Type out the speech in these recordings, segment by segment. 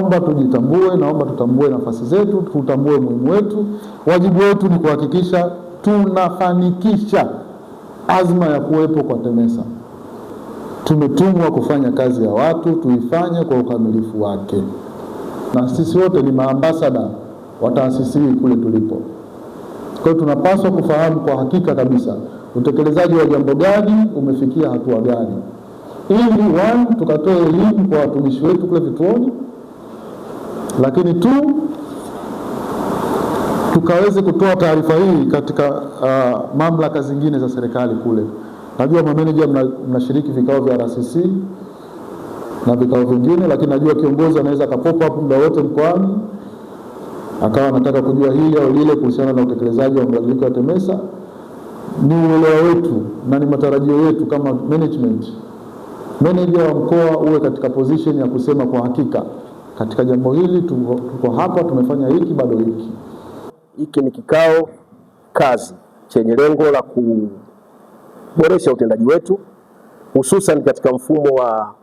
Naomba tujitambue, naomba tutambue nafasi zetu, tutambue umuhimu wetu. Wajibu wetu ni kuhakikisha tunafanikisha azma ya kuwepo kwa TEMESA. Tumetumwa kufanya kazi ya watu, tuifanye kwa ukamilifu wake, na sisi wote ni maambasada wa taasisi hii kule tulipo. Kwa hiyo tunapaswa kufahamu kwa hakika kabisa utekelezaji wa jambo gani umefikia hatua gani, ili tukatoe elimu kwa watumishi wetu kule vituoni lakini tu tukaweze kutoa taarifa hii katika uh, mamlaka zingine za serikali kule. Najua mameneja mnashiriki mna vikao vya RCC na vikao vingine, lakini najua kiongozi anaweza akapop up muda wote mkoani akawa anataka kujua hili au lile kuhusiana na utekelezaji wa mabadiliko ya TEMESA. Ni uelewa wetu na ni matarajio yetu kama management, meneja wa mkoa uwe katika position ya kusema kwa hakika katika jambo hili, tuko hapa, tumefanya hiki, bado hiki. Hiki ni kikao kazi chenye lengo la kuboresha utendaji wetu hususan katika mfumo wa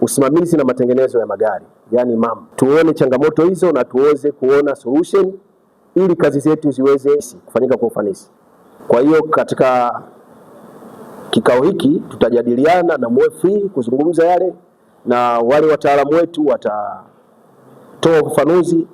usimamizi na matengenezo ya magari yani MAM. Tuone changamoto hizo na tuweze kuona solution ili kazi zetu ziweze kufanyika kwa ufanisi. Kwa hiyo katika kikao hiki tutajadiliana na mwefi kuzungumza yale, na wale wataalamu wetu wata toa ufafanuzi